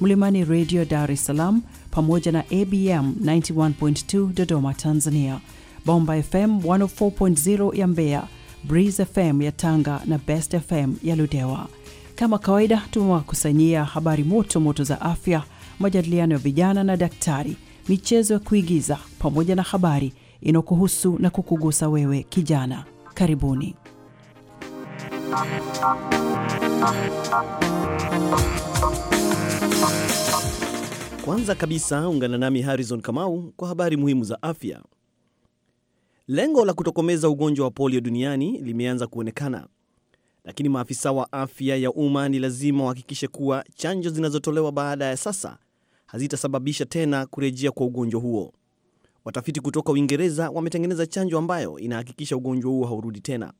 Mlimani Radio Dar es Salaam pamoja na ABM 91.2 Dodoma Tanzania, Bomba FM 104.0 ya Mbeya, Breeze FM ya Tanga na Best FM ya Ludewa. Kama kawaida, tumewakusanyia habari moto moto za afya, majadiliano ya vijana na daktari, michezo ya kuigiza pamoja na habari inayokuhusu na kukugusa wewe kijana. Karibuni. Kwanza kabisa ungana nami Harrison Kamau kwa habari muhimu za afya. Lengo la kutokomeza ugonjwa wa polio duniani limeanza kuonekana, lakini maafisa wa afya ya umma ni lazima wahakikishe kuwa chanjo zinazotolewa baada ya sasa hazitasababisha tena kurejea kwa ugonjwa huo. Watafiti kutoka Uingereza wametengeneza chanjo ambayo inahakikisha ugonjwa huo haurudi tena.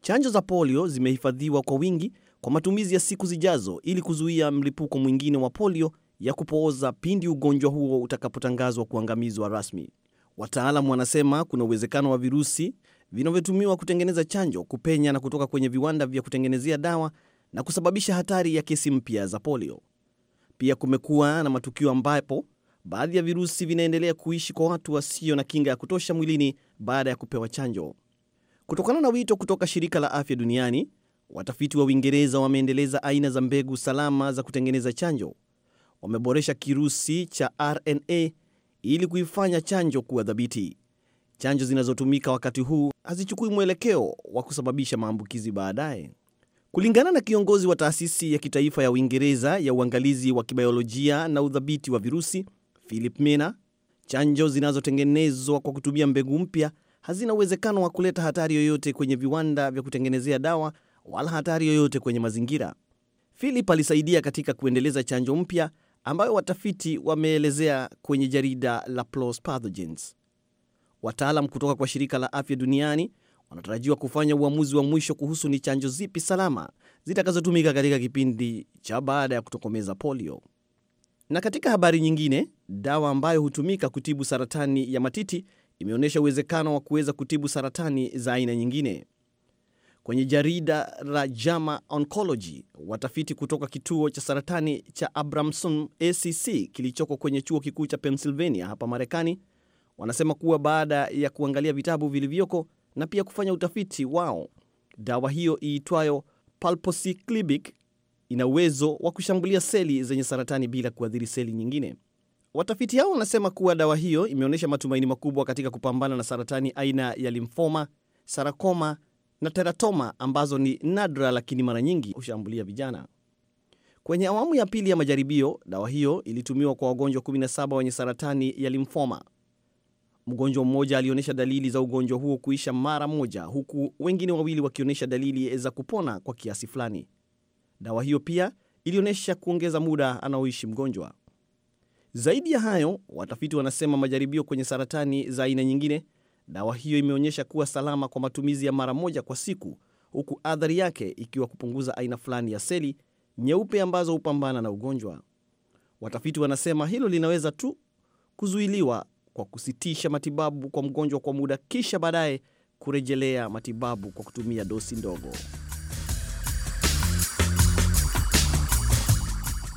Chanjo za polio zimehifadhiwa kwa wingi kwa matumizi ya siku zijazo ili kuzuia mlipuko mwingine wa polio ya kupooza pindi ugonjwa huo utakapotangazwa kuangamizwa rasmi. wataalam wanasema kuna uwezekano wa virusi vinavyotumiwa kutengeneza chanjo kupenya na kutoka kwenye viwanda vya kutengenezea dawa na kusababisha hatari ya kesi mpya za polio. Pia kumekuwa na matukio ambapo baadhi ya virusi vinaendelea kuishi kwa watu wasio na kinga ya kutosha mwilini baada ya kupewa chanjo. Kutokana na wito kutoka shirika la afya duniani, watafiti wa Uingereza wameendeleza aina za mbegu salama za kutengeneza chanjo wameboresha kirusi cha RNA ili kuifanya chanjo kuwa dhabiti. Chanjo zinazotumika wakati huu hazichukui mwelekeo wa kusababisha maambukizi baadaye. Kulingana na kiongozi wa taasisi ya kitaifa ya Uingereza ya uangalizi wa kibiolojia na udhabiti wa virusi Philip Mena, chanjo zinazotengenezwa kwa kutumia mbegu mpya hazina uwezekano wa kuleta hatari yoyote kwenye viwanda vya kutengenezea dawa wala hatari yoyote kwenye mazingira. Philip alisaidia katika kuendeleza chanjo mpya ambayo watafiti wameelezea kwenye jarida la PLoS Pathogens. Wataalam kutoka kwa shirika la afya duniani wanatarajiwa kufanya uamuzi wa mwisho kuhusu ni chanjo zipi salama zitakazotumika katika kipindi cha baada ya kutokomeza polio. Na katika habari nyingine, dawa ambayo hutumika kutibu saratani ya matiti imeonyesha uwezekano wa kuweza kutibu saratani za aina nyingine. Kwenye jarida la JAMA Oncology, watafiti kutoka kituo cha saratani cha Abramson ACC kilichoko kwenye chuo kikuu cha Pennsylvania hapa Marekani wanasema kuwa baada ya kuangalia vitabu vilivyoko na pia kufanya utafiti wao, dawa hiyo iitwayo palposiclibic ina uwezo wa kushambulia seli zenye saratani bila kuathiri seli nyingine. Watafiti hao wanasema kuwa dawa hiyo imeonyesha matumaini makubwa katika kupambana na saratani aina ya limfoma, sarakoma na teratoma ambazo ni nadra lakini mara nyingi hushambulia vijana. Kwenye awamu ya pili ya majaribio, dawa hiyo ilitumiwa kwa wagonjwa 17 wenye saratani ya limfoma. Mgonjwa mmoja alionyesha dalili za ugonjwa huo kuisha mara moja, huku wengine wawili wakionyesha dalili za kupona kwa kiasi fulani. Dawa hiyo pia ilionyesha kuongeza muda anaoishi mgonjwa. Zaidi ya hayo, watafiti wanasema majaribio kwenye saratani za aina nyingine Dawa hiyo imeonyesha kuwa salama kwa matumizi ya mara moja kwa siku, huku athari yake ikiwa kupunguza aina fulani ya seli nyeupe ambazo hupambana na ugonjwa. Watafiti wanasema hilo linaweza tu kuzuiliwa kwa kusitisha matibabu kwa mgonjwa kwa muda, kisha baadaye kurejelea matibabu kwa kutumia dosi ndogo.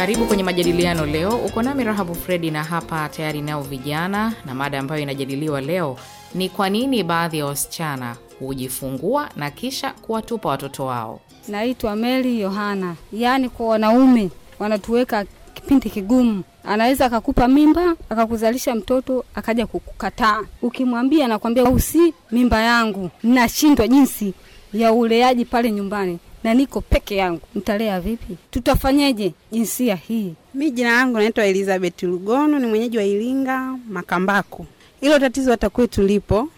Karibu kwenye majadiliano leo. Uko nami Rahabu Fredi na hapa tayari nao vijana, na mada ambayo inajadiliwa leo ni kwa nini baadhi ya wasichana hujifungua na kisha kuwatupa watoto wao. Naitwa Meli Yohana. Yaani kwa wanaume wanatuweka kipindi kigumu. Anaweza akakupa mimba akakuzalisha mtoto akaja kukukataa, ukimwambia nakwambia usi mimba yangu, nashindwa jinsi ya uleaji pale nyumbani na niko peke yangu, nitalea vipi? Tutafanyaje jinsia hii? Mi jina langu naitwa Elizabeth Lugono, ni mwenyeji wa Iringa Makambako. Hilo tatizo hata kwetu lipo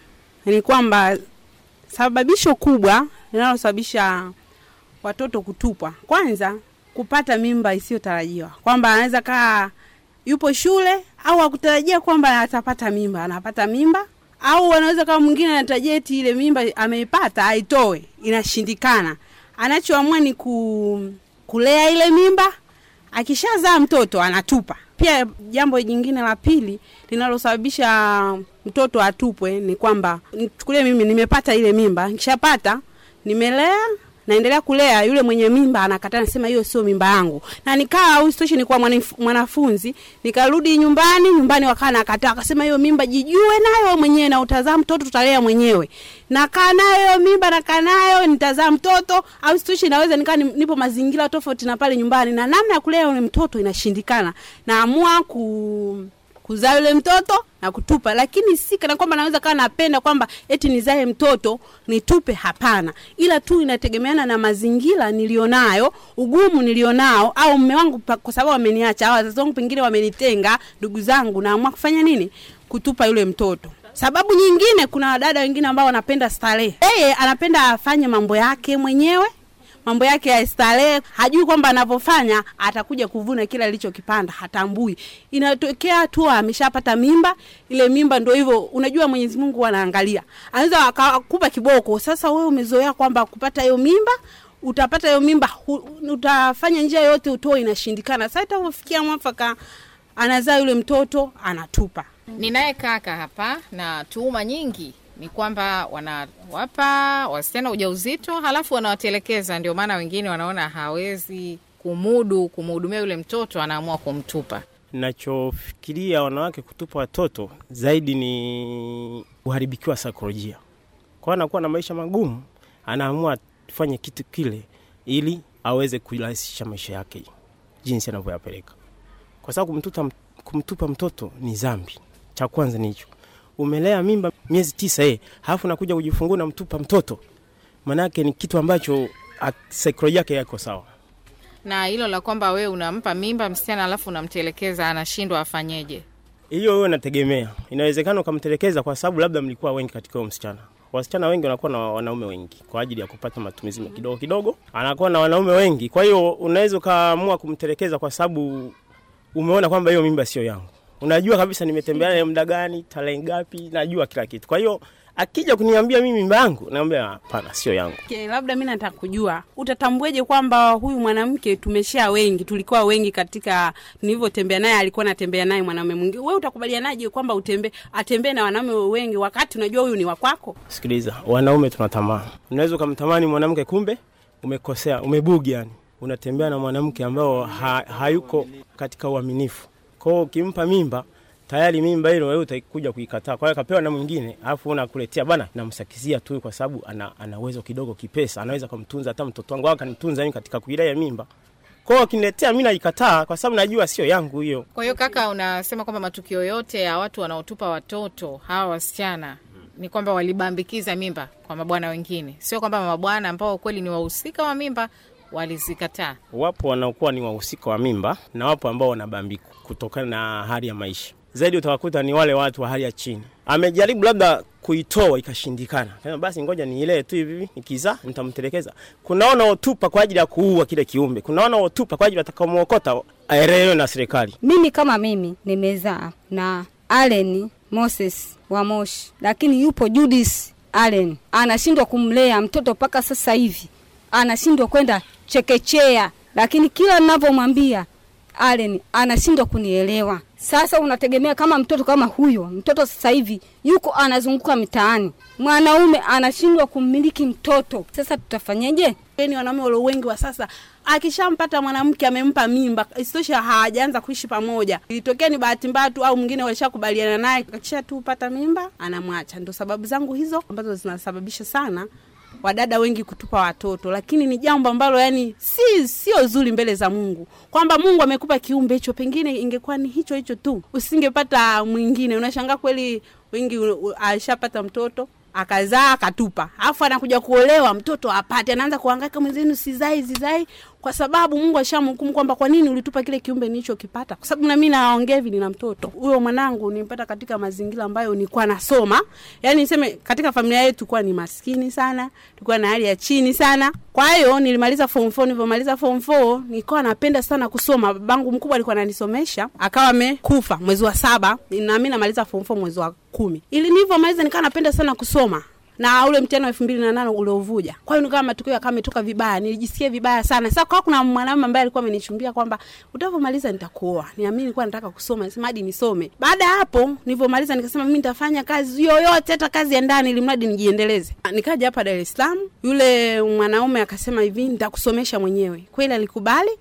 ni kwamba sababisho kubwa linalosababisha watoto kutupwa, kwanza kupata mimba isiyotarajiwa, kwamba anaweza kaa yupo shule au akutarajia kwamba atapata mimba, anapata mimba au anaweza kama mwingine anatarajia eti ile mimba ameipata aitoe, inashindikana anachoamua ni ku, kulea ile mimba. Akishazaa mtoto anatupa. Pia jambo jingine la pili linalosababisha mtoto atupwe ni kwamba, nichukulie mimi, nimepata ile mimba, nikishapata nimelea naendelea kulea, yule mwenye mimba anakataa, anasema hiyo sio mimba yangu. Na nikaa au station, nilikuwa mwanafunzi, nikarudi nyumbani, nyumbani wakaa nakataa, akasema hiyo mimba jijue nayo mwenyewe na utazaa mtoto, tutalea mwenyewe. Nakaa nayo hiyo mimba, nakaa nayo nitazaa mtoto au station, naweza nikaa nipo mazingira tofauti na pale nyumbani, na namna ya kulea yule mtoto inashindikana, naamua ku kuzaa yule mtoto na kutupa, lakini si kana kwamba naweza kawa napenda kwamba eti nizae mtoto nitupe, hapana, ila tu inategemeana na mazingira nilionayo, ugumu nilionao, au mme wangu kwa sababu wameniacha, au wazazi wangu pengine wamenitenga, ndugu zangu, naamua kufanya nini? Kutupa yule mtoto. Sababu nyingine, kuna wadada wengine ambao wanapenda starehe, yeye anapenda afanye mambo yake mwenyewe mambo yake ya starehe, hajui kwamba anavyofanya atakuja kuvuna kile alichokipanda, hatambui. Inatokea tu ameshapata mimba, ile mimba ndio hivyo. Unajua Mwenyezi Mungu anaangalia, anaweza akakupa kiboko. Sasa wewe umezoea kwamba kupata hiyo mimba utapata hiyo mimba, utafanya njia yote utoe, inashindikana. Sasa itafikia mwafaka, anazaa yule mtoto, anatupa. Ninaye kaka hapa na tuuma nyingi ni kwamba wanawapa wasichana ujauzito halafu wanawatelekeza. Ndio maana wengine wanaona hawezi kumudu kumhudumia yule mtoto, anaamua kumtupa. Nachofikiria wanawake kutupa watoto zaidi ni kuharibikiwa sikolojia kwa anakuwa na maisha magumu, anaamua tufanye kitu kile ili aweze kurahisisha maisha yake jinsi anavyoyapeleka, kwa sababu kumtupa mtoto ni zambi Cha kwanza ni hicho umelea mimba miezi tisa eh, halafu nakuja kujifungua na mtupa mtoto, manake ni kitu ambacho saikolojia yake yako sawa na hilo la kwamba wewe unampa mimba msichana alafu unamtelekeza anashindwa afanyeje? Hiyo wewe unategemea, inawezekana ukamtelekeza kwa sababu labda mlikuwa wengi katika huyo msichana. Wasichana wengi wanakuwa na wanaume wengi kwa ajili ya kupata matumizi mhm. kidogo kidogo, anakuwa na wanaume wengi. Kwa hiyo unaweza ukaamua kumtelekeza kwa sababu umeona kwamba hiyo mimba sio yangu unajua kabisa nimetembea naye muda gani, tarehe ngapi, najua kila kitu. Kwa hiyo akija kuniambia mimi mimba yangu, naambia hapana, sio yangu. Okay, labda mi nataka kujua utatambweje kwamba huyu mwanamke tumesha wengi, tulikuwa wengi katika nilivyotembea naye, alikuwa natembea naye mwanaume mwingine. Wewe utakubalianaje kwamba utembe atembee na wanaume wengi wakati unajua huyu ni wakwako? Sikiliza, wanaume tunatamaa, unaweza ukamtamani mwanamke, kumbe umekosea, umebugi, yani unatembea na mwanamke ambao ha, hayuko katika uaminifu kwa hiyo ukimpa mimba tayari mimba hilo wewe utakuja kuikataa. Kwa hiyo akapewa na mwingine, alafu unakuletea bana, namsakizia tu kwa sababu ana, ana uwezo kidogo kipesa, anaweza kumtunza hata mtoto wangu au kanitunza mimi katika kuilea ya mimba. Kwa hiyo akiniletea mimi naikataa kwa sababu najua sio yangu hiyo. Kwa hiyo kaka, unasema kwamba matukio yote ya watu wanaotupa watoto hawa wasichana ni kwamba walibambikiza mimba kwa mabwana wengine, sio kwamba mabwana ambao kweli ni wahusika wa mimba walizikataa. Wapo wanaokuwa ni wahusika wa mimba na wapo ambao wanabambika kutokana na hali ya maisha zaidi utawakuta ni wale watu wa hali ya chini. Amejaribu labda kuitoa ikashindikana, kama basi ngoja niilee tu hivi, nikizaa nitamtelekeza. Kuna otupa kwa ajili ya kuua kile kiumbe, kuna wanaotupa kwa ajili watakamuokota aelelewe na serikali. Mimi kama mimi nimezaa na Allen Moses wa Moshi, lakini yupo Judith Allen anashindwa kumlea mtoto mpaka sasa hivi, anashindwa kwenda chekechea, lakini kila ninavyomwambia Allen anashindwa kunielewa. Sasa unategemea kama mtoto kama huyo, mtoto sasa hivi yuko anazunguka mitaani, mwanaume anashindwa kumiliki mtoto. Sasa tutafanyeje? Yaani wanaume walio wengi wa sasa, akishampata mwanamke amempa mimba, isitoshe hawajaanza kuishi pamoja, ilitokea ni bahati mbaya tu, au mwingine walishakubaliana naye, akisha tu pata mimba anamwacha. Ndio sababu zangu hizo ambazo zinasababisha sana wadada wengi kutupa watoto, lakini ni jambo ambalo yani si sio zuri mbele za Mungu, kwamba Mungu amekupa kiumbe hicho, pengine ingekuwa ni hicho hicho tu, usingepata mwingine. Unashangaa kweli, wengi alishapata mtoto akazaa akatupa, alafu anakuja kuolewa, mtoto apate, anaanza kuhangaika mwenzenu, sizai sizai, kwa sababu Mungu ashamhukumu kwamba kwa nini ulitupa kile kiumbe nilichokipata. Kwa sababu na mimi naongea hivi, nina mtoto huyo mwanangu nimpata katika mazingira ambayo nilikuwa nasoma, yani niseme katika familia yetu tulikuwa ni maskini sana, tulikuwa na hali ya chini sana. Kwa hiyo nilimaliza form 4, nilipomaliza form 4 nilikuwa napenda sana kusoma. Babangu mkubwa alikuwa ananisomesha, akawa amekufa mwezi wa saba, na mimi namaliza form 4 mwezi wa kumi. Ili nilivyomaliza nikawa napenda sana kusoma na ule mtihani wa elfu mbili na nane uliovuja. Kwa hiyo nikawa matokeo yakawa ametoka vibaya, nilijisikia vibaya sana. Sasa kwa kuna mwanamume ambaye alikuwa amenichumbia kwamba utavomaliza nitakuoa, niamini. Nilikuwa nataka kusoma, sema hadi nisome. Baada ya hapo nilivyomaliza, nikasema mimi nitafanya kazi yoyote, hata kazi ya ndani, ili mradi nijiendeleze. Nikaja hapa Dar es Salaam, yule mwanaume akasema hivi, nitakusomesha mwenyewe. Kweli alikubali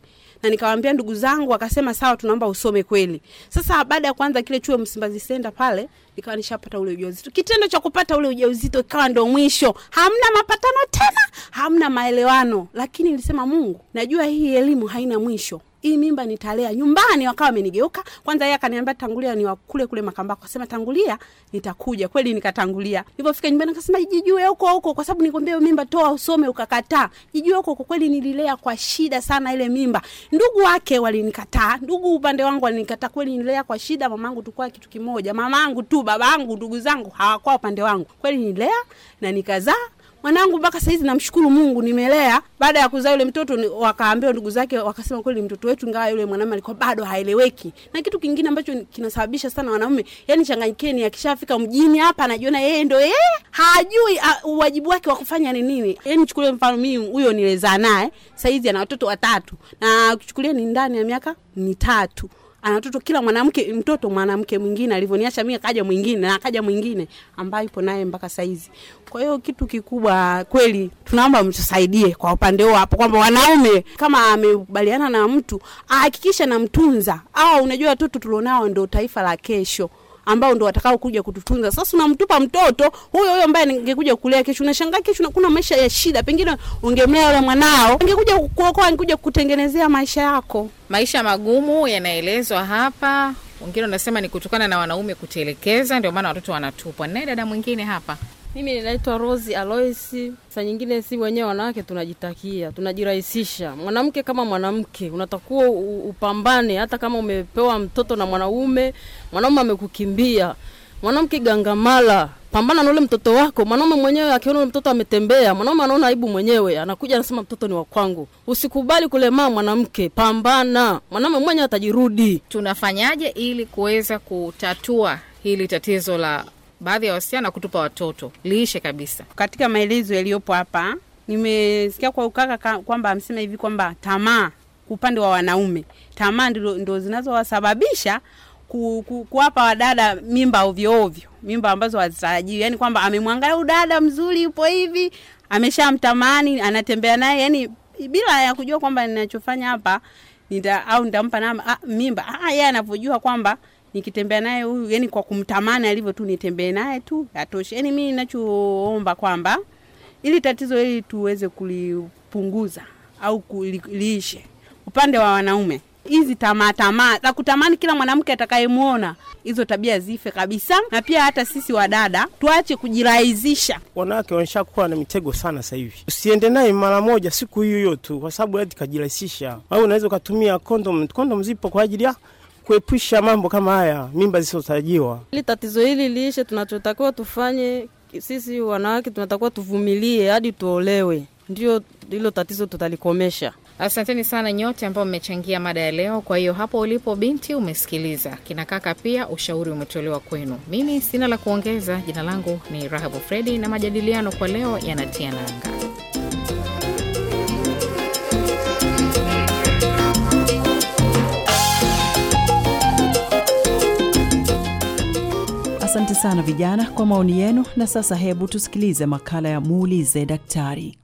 na nikawaambia ndugu zangu, akasema sawa, tunaomba usome kweli. Sasa baada ya kwanza kile chuo Msimbazi Senda pale, nikawa nishapata ule ujauzito. Kitendo cha kupata ule ujauzito ikawa ndo mwisho, hamna mapatano tena, hamna maelewano, lakini nilisema Mungu, najua hii elimu haina mwisho hii mimba nitalea nyumbani. Wakawa amenigeuka kwanza, yeye akaniambia tangulia ni kule kule Makambako, akasema tangulia nitakuja. Kweli nikatangulia, nilipofika nyumbani akasema jijue huko huko, kwa sababu nikwambia mimba toa usome ukakataa, jijue huko huko. Kweli nililea kwa shida sana ile mimba. Ndugu wake walinikataa, ndugu upande wangu walinikataa, kweli nililea kwa shida. Mamangu tukua kitu kimoja, mamangu tu, babangu, ndugu zangu hawakuwa upande wangu. Kweli nililea na nikazaa mwanangu mpaka saizi namshukuru Mungu, nimelea. Baada ya kuzaa yule mtoto, wakaambiwa ndugu zake, wakasema kweli mtoto wetu, ingawa yule mwanaume alikuwa bado haeleweki. Na kitu kingine ambacho kinasababisha sana wanaume, yani changanyikeni, akishafika mjini hapa anajiona yeye ndo yeye, hajui wajibu wake wa kufanya ni nini. Yani chukulie mfano mimi, huyo nilezaa naye saizi ana watoto watatu, na kuchukulia ni ndani ya miaka mitatu ana watoto, kila mwanamke mtoto mwanamke mwingine alivyoniacha mimi, akaja mwingine na akaja mwingine ambaye ipo naye mpaka saizi. Kwa hiyo kitu kikubwa kweli, tunaomba mtusaidie kwa upande huo hapo, kwamba wanaume kama amekubaliana na mtu ahakikisha namtunza, au unajua watoto tulionao ndio taifa la kesho ambao ndo watakao kuja kututunza. Sasa unamtupa mtoto huyo huyo ambaye ningekuja kulea kesho, unashangaa kesho kuna maisha ya shida, pengine ungemlea yule mwanao, angekuja kuokoa, angekuja kutengenezea maisha yako. Maisha magumu yanaelezwa hapa, wengine wanasema ni kutokana na wanaume kutelekeza, ndio maana watoto wanatupwa. Naye dada mwingine hapa mimi ninaitwa Rose Alois. Saa nyingine si wenyewe wanawake tunajitakia, tunajirahisisha. Mwanamke kama mwanamke unatakuwa upambane, hata kama umepewa mtoto na mwanaume, mwanaume amekukimbia. Mwanamke gangamala, pambana na ule mtoto wako. Mwanaume mwenyewe akiona ule mtoto ametembea, mwanaume anaona aibu mwenyewe, anakuja anasema mtoto ni wa kwangu. Usikubali kulemaa mwanamke, pambana. Mwanaume mwenyewe atajirudi. Tunafanyaje ili kuweza kutatua hili tatizo la baadhi ya wasichana kutupa watoto liishe kabisa. Katika maelezo yaliyopo hapa, nimesikia kwa ukaka kwamba amesema hivi kwamba tamaa upande wa wanaume, tamaa ndio ndio zinazowasababisha ku, ku, kuwapa wadada mimba ovyo ovyo, mimba ambazo hazitarajiwi. Yani kwamba amemwangalia udada mzuri, yupo hivi, ameshamtamani, anatembea naye, yani bila ya kujua kwamba ninachofanya hapa nita, au nitampa na, ah, a, ah, yeye anavyojua kwamba nikitembea naye huyu, yani kwa kumtamani alivyo tu nitembee naye tu atoshe Yani mimi ninachoomba kwamba ili tatizo hili tuweze kulipunguza au kuliishe, upande wa wanaume hizi tamaa tamaa za kutamani kila mwanamke atakayemwona, hizo tabia zife kabisa. Na pia hata sisi wadada tuache kujirahizisha Wanawake wameshakuwa na mitego sana sasa hivi, usiende naye mara moja siku hiyo hiyo tu, kwa sababu ati kajirahisisha. Au unaweza ukatumia kondom, kondom zipo kwa ajili ya kuepusha mambo kama haya, mimba zisizotarajiwa. Ili tatizo hili liishe, tunachotakiwa tufanye sisi wanawake, tunatakiwa tuvumilie hadi tuolewe, ndio hilo tatizo tutalikomesha. Asanteni sana nyote ambao mmechangia mada ya leo. Kwa hiyo hapo ulipo binti, umesikiliza kinakaka, pia ushauri umetolewa kwenu. Mimi sina la kuongeza. Jina langu ni Rahabu Fredi, na majadiliano kwa leo yanatia nanga. Asante sana vijana kwa maoni yenu. Na sasa hebu tusikilize makala ya muulize daktari.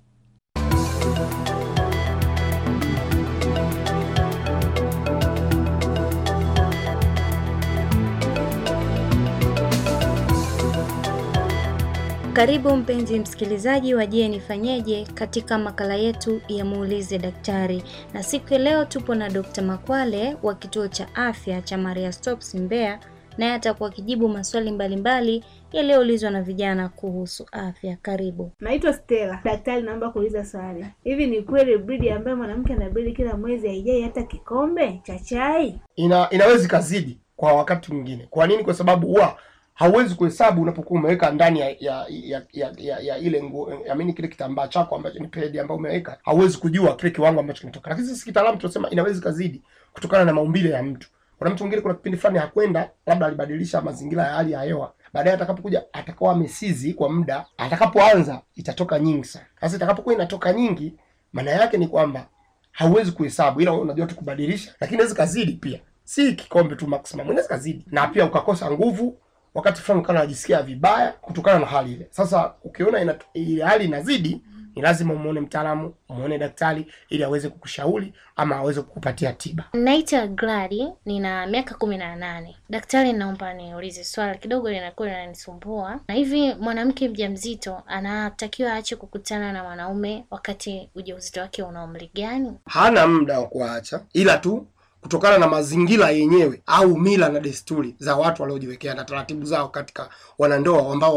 Karibu mpenzi msikilizaji wa Je nifanyeje katika makala yetu ya muulize daktari, na siku ya leo tupo na Dkt. Makwale wa kituo cha afya cha Maria stops mbea naye atakuwa akijibu maswali mbalimbali yaliyoulizwa na vijana kuhusu afya. Karibu. Naitwa Stella. Daktari, naomba kuuliza swali. Hivi ni kweli bridi ambayo mwanamke bridi kila mwezi haijai hata kikombe cha chai? Ina- inawezi kazidi kwa wakati mwingine. Kwa nini? Kwa sababu huwa hauwezi kuhesabu unapokuwa umeweka ndani ya ya ya, ya, ya, ya ile nguo amini kile kitambaa chako ambacho ni pedi ambayo umeweka, hauwezi kujua kile kiwango ambacho kinatoka, lakini sisi kitaalamu tunasema inaweza kazidi kutokana na maumbile ya mtu. Kuna mtu mwingine, kuna kipindi fulani hakwenda, labda alibadilisha mazingira ya hali ya hewa, baadaye atakapokuja atakuwa amesizi kwa muda, atakapoanza itatoka nyingi sana. Sasa itakapokuwa inatoka nyingi, maana yake ni kwamba hauwezi kuhesabu, ila unajua tu kubadilisha, lakini inaweza kazidi pia, si kikombe tu maximum, inaweza kazidi, na pia ukakosa nguvu wakati fulani, ukawa unajisikia vibaya kutokana na hali ile. Sasa ukiona ile hali inazidi ni lazima umuone mtaalamu, umuone daktari ili aweze kukushauri ama aweze kukupatia tiba. Naitwa Gladi, nina miaka kumi na nane. Daktari, naomba niulize swala kidogo, linakuwa linanisumbua. Na hivi mwanamke mja mzito anatakiwa aache kukutana na mwanaume wakati ujauzito wake una umri gani? Hana muda wa kuacha, ila tu kutokana na mazingira yenyewe au mila na desturi za watu waliojiwekea na taratibu zao katika wanandoa ambao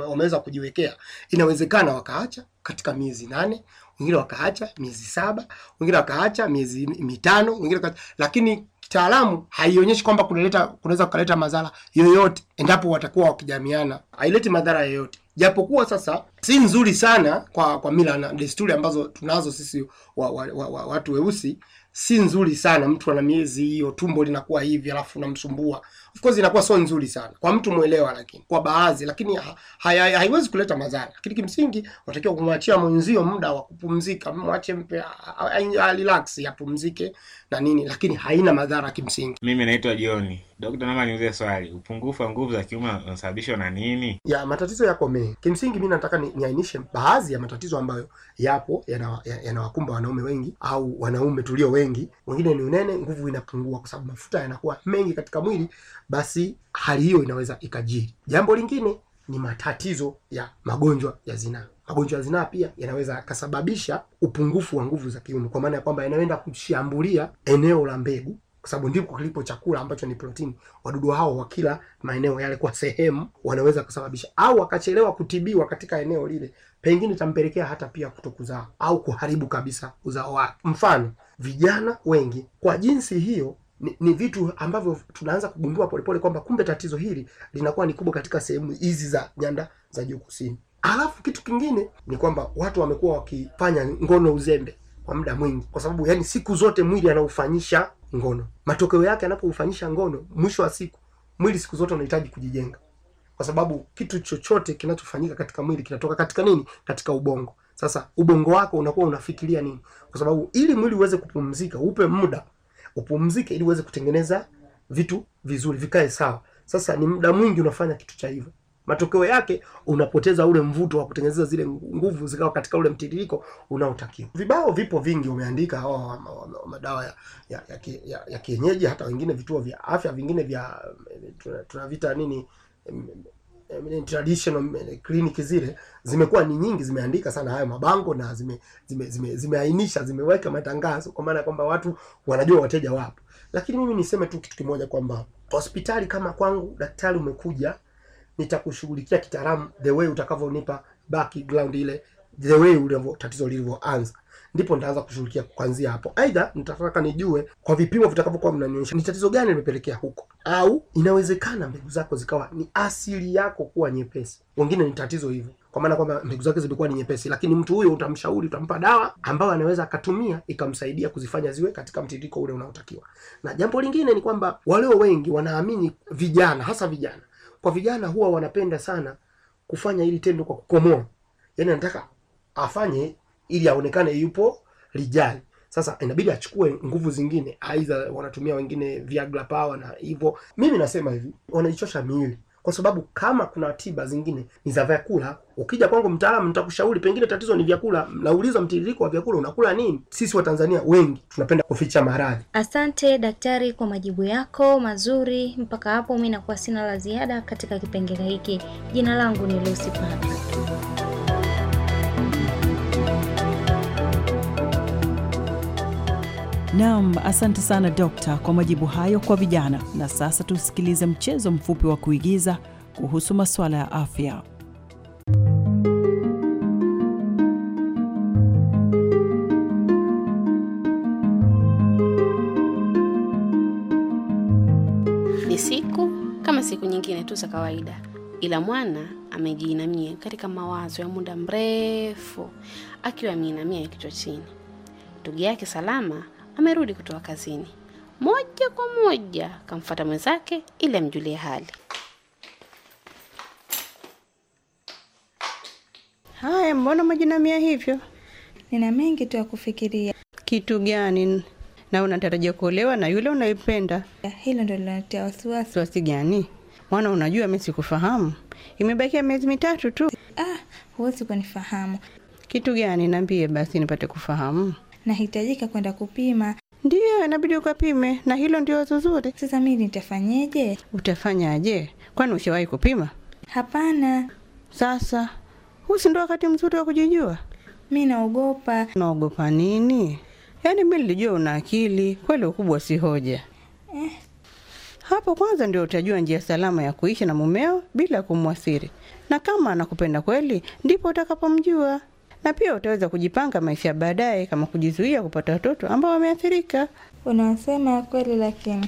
wameweza kujiwekea, inawezekana wakaacha katika miezi nane, wengine wakaacha miezi saba, wengine wakaacha miezi mitano, wengine wakaacha. lakini kitaalamu haionyeshi kwamba kunaleta kunaweza kukaleta madhara yoyote endapo watakuwa wakijamiana, haileti madhara yoyote japokuwa sasa si nzuri sana kwa kwa mila na desturi ambazo tunazo sisi wa, wa, wa, wa, watu weusi. Si nzuri sana, mtu ana miezi hiyo, tumbo linakuwa hivi, alafu namsumbua of course inakuwa sio nzuri sana kwa mtu mwelewa, lakini kwa baadhi, lakini ha, haiwezi ha, ha, kuleta madhara. Lakini kimsingi unatakiwa kumwachia mwenzio muda wa kupumzika, mwache mpe relax apumzike na nini, lakini haina madhara kimsingi. Mimi naitwa Joni. dokta naomba niuze swali, upungufu wa nguvu za kiume unasababishwa na nini? Ya matatizo yako mengi. Kimsingi mi nataka niainishe ni baadhi ya matatizo ambayo yapo yanawakumba ya, ya wanaume wengi au wanaume tulio wengi. Wengine ni unene, nguvu inapungua kwa sababu mafuta yanakuwa mengi katika mwili, basi hali hiyo inaweza ikajiri. Jambo lingine ni matatizo ya magonjwa ya zinaa magonjwa ya zinaa pia yanaweza yakasababisha upungufu wa nguvu za kiume, kwa maana ya kwamba yanaenda kushambulia eneo la mbegu, kwa sababu ndipo kilipo chakula ambacho ni protini. Wadudu hao wakila maeneo yale kwa sehemu, wanaweza kusababisha au akachelewa kutibiwa katika eneo lile, pengine itampelekea hata pia kutokuzaa au kuharibu kabisa uzao wake. Mfano, vijana wengi kwa jinsi hiyo ni, ni vitu ambavyo tunaanza kugundua polepole kwamba kumbe tatizo hili linakuwa ni kubwa katika sehemu hizi za nyanda za juu kusini. Alafu kitu kingine ni kwamba watu wamekuwa wakifanya ngono uzembe kwa muda mwingi, kwa sababu yani siku zote mwili anaufanyisha ngono. Matokeo yake anapoufanyisha ngono, mwisho wa siku mwili siku zote unahitaji kujijenga, kwa sababu kitu chochote kinachofanyika katika mwili kinatoka katika nini? Katika ubongo. Sasa ubongo wako unakuwa unafikiria nini? Kwa sababu ili mwili uweze kupumzika, upe muda upumzike, ili uweze kutengeneza vitu vizuri vikae sawa. Sasa ni muda mwingi unafanya kitu cha hivyo. Matokeo yake unapoteza ule mvuto wa kutengeneza zile nguvu zikawa katika ule mtiririko unaotakiwa. Vibao vipo vingi, umeandika hawa oh, madawa ya, ya, ya, ya, ya kienyeji, hata wengine vituo vya afya vingine vya tunavita nini traditional clinic zile zimekuwa ni nyingi, zimeandika sana hayo mabango na zime zime, zime, zimeweka matangazo, kwa maana kwamba watu wanajua wateja wapo. Lakini mimi niseme tu kitu kimoja kwamba hospitali kama kwangu, daktari umekuja nitakushughulikia kitaalamu the way utakavyonipa background ile the way ulivyo tatizo lilivyoanza, ndipo nitaanza kushughulikia kuanzia hapo. Aidha, nitataka nijue kwa vipimo vitakavyokuwa mnanionyesha ni tatizo gani limepelekea huko, au inawezekana mbegu zako zikawa ni asili yako kuwa nyepesi, wengine ni tatizo hivyo kwa maana kwamba mbegu zake zimekuwa ni nyepesi, lakini mtu huyo utamshauri, utampa dawa ambayo anaweza akatumia ikamsaidia kuzifanya ziwe katika mtiririko ule unaotakiwa. Na jambo lingine ni kwamba walio wengi wanaamini vijana, hasa vijana kwa vijana huwa wanapenda sana kufanya hili tendo kwa kukomoa, yaani anataka afanye ili aonekane yupo lijali. Sasa inabidi achukue nguvu zingine, aidha wanatumia wengine viagla pawa na hivyo. Mimi nasema hivi, wanaichosha miili kwa sababu kama kuna tiba zingine ni za vyakula. Ukija kwangu mtaalamu, nitakushauri pengine tatizo ni vyakula. Nauliza mtiririko wa vyakula, unakula nini? Sisi Watanzania wengi tunapenda kuficha maradhi. Asante daktari kwa majibu yako mazuri. Mpaka hapo mi nakuwa sina la ziada katika kipengele hiki. Jina langu ni Lucy Pata. Naam, asante sana dokta kwa majibu hayo kwa vijana. Na sasa tusikilize mchezo mfupi wa kuigiza kuhusu masuala ya afya. Ni siku kama siku nyingine tu za kawaida, ila mwana amejiinamia katika mawazo ya muda mrefu, akiwa ameinamia kichwa chini. Ndugu yake Salama amerudi kutoka kazini, moja kwa moja kamfuata mwenzake ili amjulie hali. Haya, mbona majinamia hivyo? Nina mengi tu ya kufikiria. Kitu gani? Na unatarajia kuolewa na yule unaipenda? Hilo ndo linatia wasiwasi. Wasi gani? Mwana, unajua mimi sikufahamu, imebakia miezi mitatu tu. Ah, huwezi kunifahamu. Kitu gani? Niambie basi nipate kufahamu nahitajika kwenda kupima. Ndiyo, inabidi ukapime, na hilo ndio zuzuri. Sasa mimi nitafanyeje? Utafanyaje? Kwani ushawahi kupima? Hapana. Sasa huu si wakati mzuri wa kujijua? Mi naogopa. Naogopa nini? Yaani mi nilijua una akili kweli, ukubwa si hoja eh. Hapo kwanza ndio utajua njia salama ya kuishi na mumeo bila kumwasiri, na kama anakupenda kweli ndipo utakapomjua na pia utaweza kujipanga maisha ya baadaye, kama kujizuia kupata watoto ambao wameathirika. Unasema kweli, lakini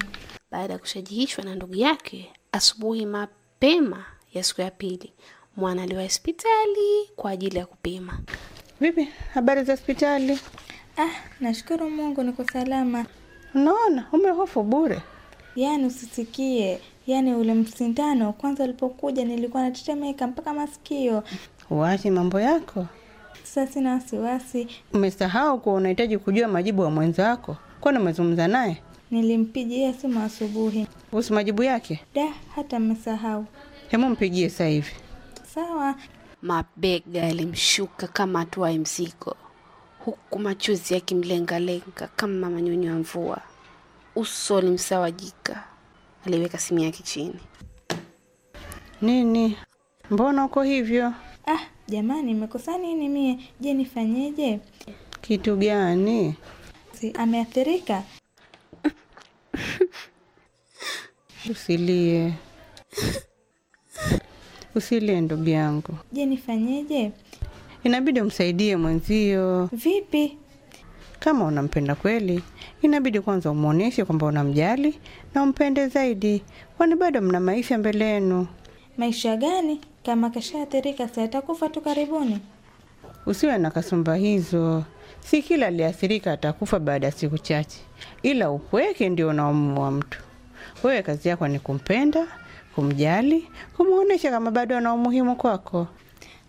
baada ya kushajihishwa na ndugu yake, asubuhi mapema ya siku ya pili mwana aliwa hospitali kwa ajili ya kupima. Vipi habari za hospitali? Ah, nashukuru Mungu niko salama. Unaona, umehofu bure. Yaani usisikie, yaani ule msindano kwanza ulipokuja nilikuwa natetemeka mpaka masikio. Uache mambo yako sasa sina wasiwasi. Umesahau kuwa unahitaji kujua majibu ya mwenzako? Kwani umezungumza naye? Nilimpigia simu asubuhi. Kuhusu majibu yake? Da, hata mmesahau. Hemu mpigie sasa hivi. Sawa. Mabega yalimshuka kama atuaye mzigo, huku machozi yakimlengalenga kama manyunyu ya mvua. Uso ulimsawajika. Aliweka simu yake chini. Nini? Mbona uko hivyo? jamani, mmekosa nini mie? Je, nifanyeje? Kitu gani? Si, ameathirika? Usilie, usilie ndugu yangu. Je, nifanyeje? Inabidi umsaidie mwenzio. Vipi? Kama unampenda kweli, inabidi kwanza umwonyeshe kwamba unamjali na umpende zaidi, kwani bado mna maisha mbele yenu. Maisha gani? Kama kishaathirika si atakufa tu karibuni. Usiwe na kasumba hizo, si kila aliathirika atakufa baada ya siku chache, ila upweke ndio unaomua mtu. Wewe kazi yako ni kumpenda, kumjali, kumwonyesha kama bado ana umuhimu kwako.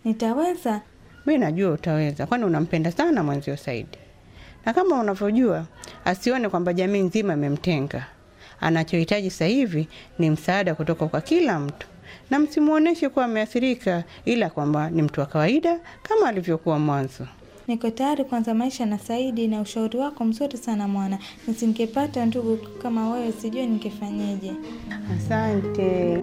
Nitaweza? Mi najua utaweza, kwani unampenda sana mwenzio Saidi, na kama unavyojua asione kwamba jamii nzima imemtenga. Anachohitaji sasa hivi ni msaada kutoka kwa kila mtu na msimwonyeshe kuwa ameathirika, ila kwamba ni mtu wa kawaida kama alivyokuwa mwanzo. Niko tayari kuanza maisha na Saidi, na ushauri wako mzuri sana mwana. Nisingepata ndugu kama wewe, sijui ningefanyeje. Asante.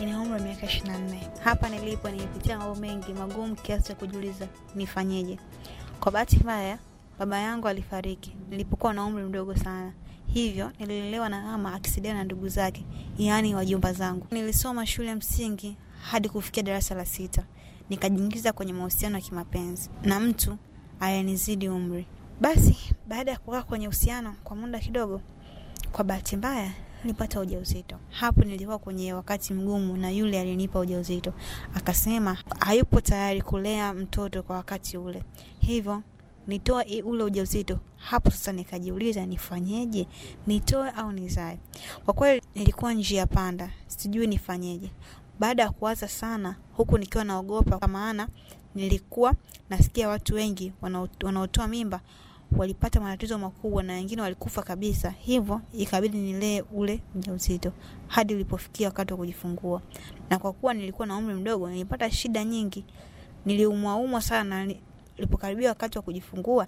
ina umri wa miaka 24. Hapa nilipo nilipitia mambo mengi magumu kiasi cha kujiuliza nifanyeje. Kwa bahati mbaya, baba yangu alifariki nilipokuwa na umri mdogo sana, hivyo nililelewa na mama akisaidiwa na ndugu zake, yaani wajomba zangu. Nilisoma shule msingi hadi kufikia darasa la sita, nikajiingiza kwenye mahusiano ya kimapenzi na mtu ayanizidi umri. Basi baada ya kukaa kwenye uhusiano kwa muda kidogo, kwa bahati mbaya nilipata ujauzito. Hapo nilikuwa kwenye wakati mgumu, na yule alinipa ujauzito akasema hayupo tayari kulea mtoto kwa wakati ule, hivyo nitoe ule ujauzito. Hapo sasa nikajiuliza nifanyeje, nitoe au nizae? Kwa kweli nilikuwa njia panda, sijui nifanyeje. Baada ya kuwaza sana, huku nikiwa naogopa, kwa maana nilikuwa nasikia watu wengi wanaotoa mimba walipata matatizo makubwa na wengine walikufa kabisa, hivyo ikabidi nilee ule mjauzito hadi ulipofikia wakati wa kujifungua. Na kwa kuwa nilikuwa na umri mdogo, nilipata shida nyingi, niliumwaumwa sana. Nilipokaribia wakati wa kujifungua,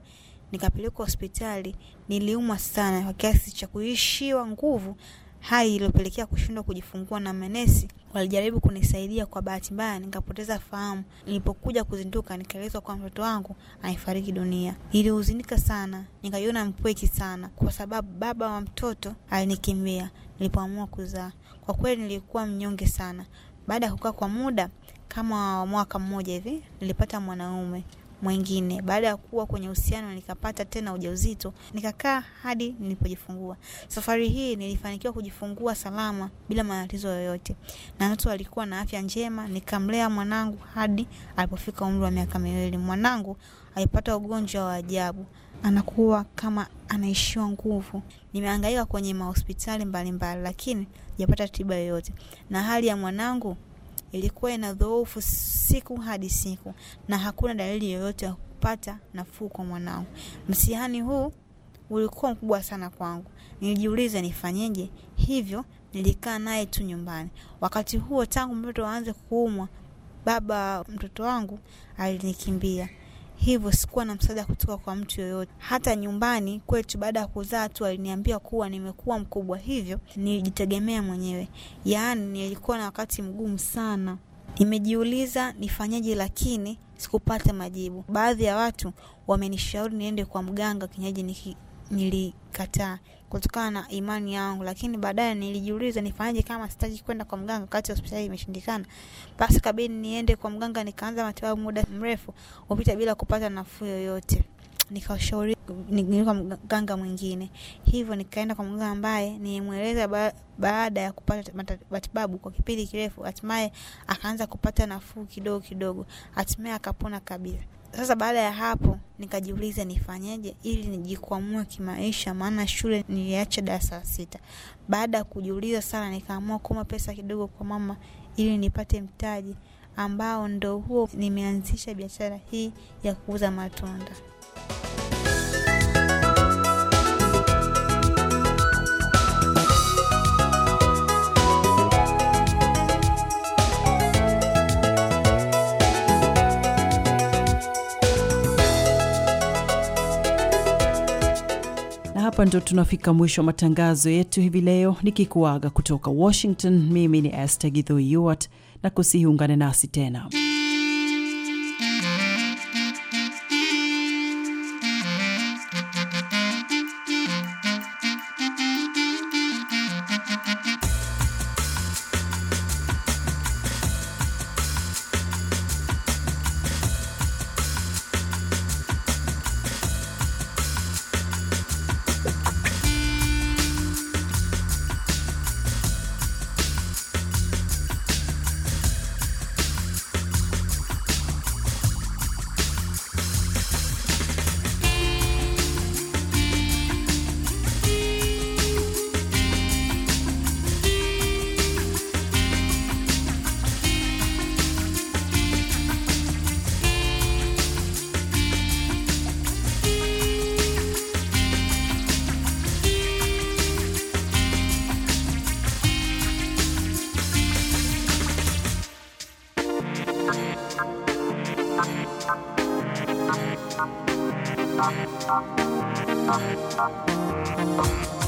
nikapelekwa hospitali, niliumwa sana kwa kiasi cha kuishiwa nguvu hali iliyopelekea kushindwa kujifungua na manesi walijaribu kunisaidia. Kwa bahati mbaya nikapoteza fahamu. Nilipokuja kuzinduka, nikaelezwa kwa mtoto wangu anafariki dunia. Nilihuzunika sana, nikajiona mpweki sana, kwa sababu baba wa mtoto alinikimbia nilipoamua kuzaa. Kwa kweli nilikuwa mnyonge sana. Baada ya kukaa kwa muda kama mwaka mmoja hivi, nilipata mwanaume mwingine. Baada ya kuwa kwenye uhusiano, nikapata tena ujauzito, nikakaa hadi nilipojifungua. Safari hii nilifanikiwa kujifungua salama bila matatizo yoyote, na mtoto alikuwa na afya njema. Nikamlea mwanangu hadi alipofika umri wa miaka miwili. Mwanangu alipata ugonjwa wa ajabu, anakuwa kama anaishiwa nguvu. Nimehangaika kwenye mahospitali mbalimbali, lakini japata tiba yoyote, na hali ya mwanangu ilikuwa ina dhoofu siku hadi siku na hakuna dalili yoyote ya kupata nafuu kwa mwanangu msihani huu ulikuwa mkubwa sana kwangu. Nilijiuliza nifanyeje, hivyo nilikaa naye tu nyumbani. Wakati huo tangu mtoto aanze kuumwa, baba mtoto wangu alinikimbia hivyo sikuwa na msaada kutoka kwa mtu yoyote. Hata nyumbani kwetu, baada ya kuzaa tu aliniambia kuwa nimekuwa mkubwa, hivyo nilijitegemea mwenyewe. Yaani nilikuwa na wakati mgumu sana. Nimejiuliza nifanyaje, lakini sikupata majibu. Baadhi ya watu wamenishauri niende kwa mganga kinyaji nilikataa kutokana na imani yangu, lakini baadaye nilijiuliza nifanyaje kama sitaki kwenda kwa mganga wakati hospitali imeshindikana. Basi kabidi niende kwa mganga, nikaanza matibabu. Muda mrefu upita bila kupata nafuu yoyote. Nikashauri ni kwa mganga mwingine, hivyo nikaenda kwa mganga ambaye nilimweleza ba, baada ya kupata matibabu kwa kipindi kirefu, hatimaye akaanza kupata nafuu kidogo kidogo, hatimaye akapona kabisa. Sasa baada ya hapo nikajiuliza nifanyeje ili nijikwamue kimaisha, maana shule niliacha darasa la sita. Baada ya kujiuliza sana, nikaamua kuuma pesa kidogo kwa mama ili nipate mtaji ambao ndo huo nimeanzisha biashara hii ya kuuza matunda. hapa ndio tunafika mwisho wa matangazo yetu hivi leo, nikikuaga kutoka Washington. Mimi ni este Githo na kusihiungane nasi tena. oh, will be right back.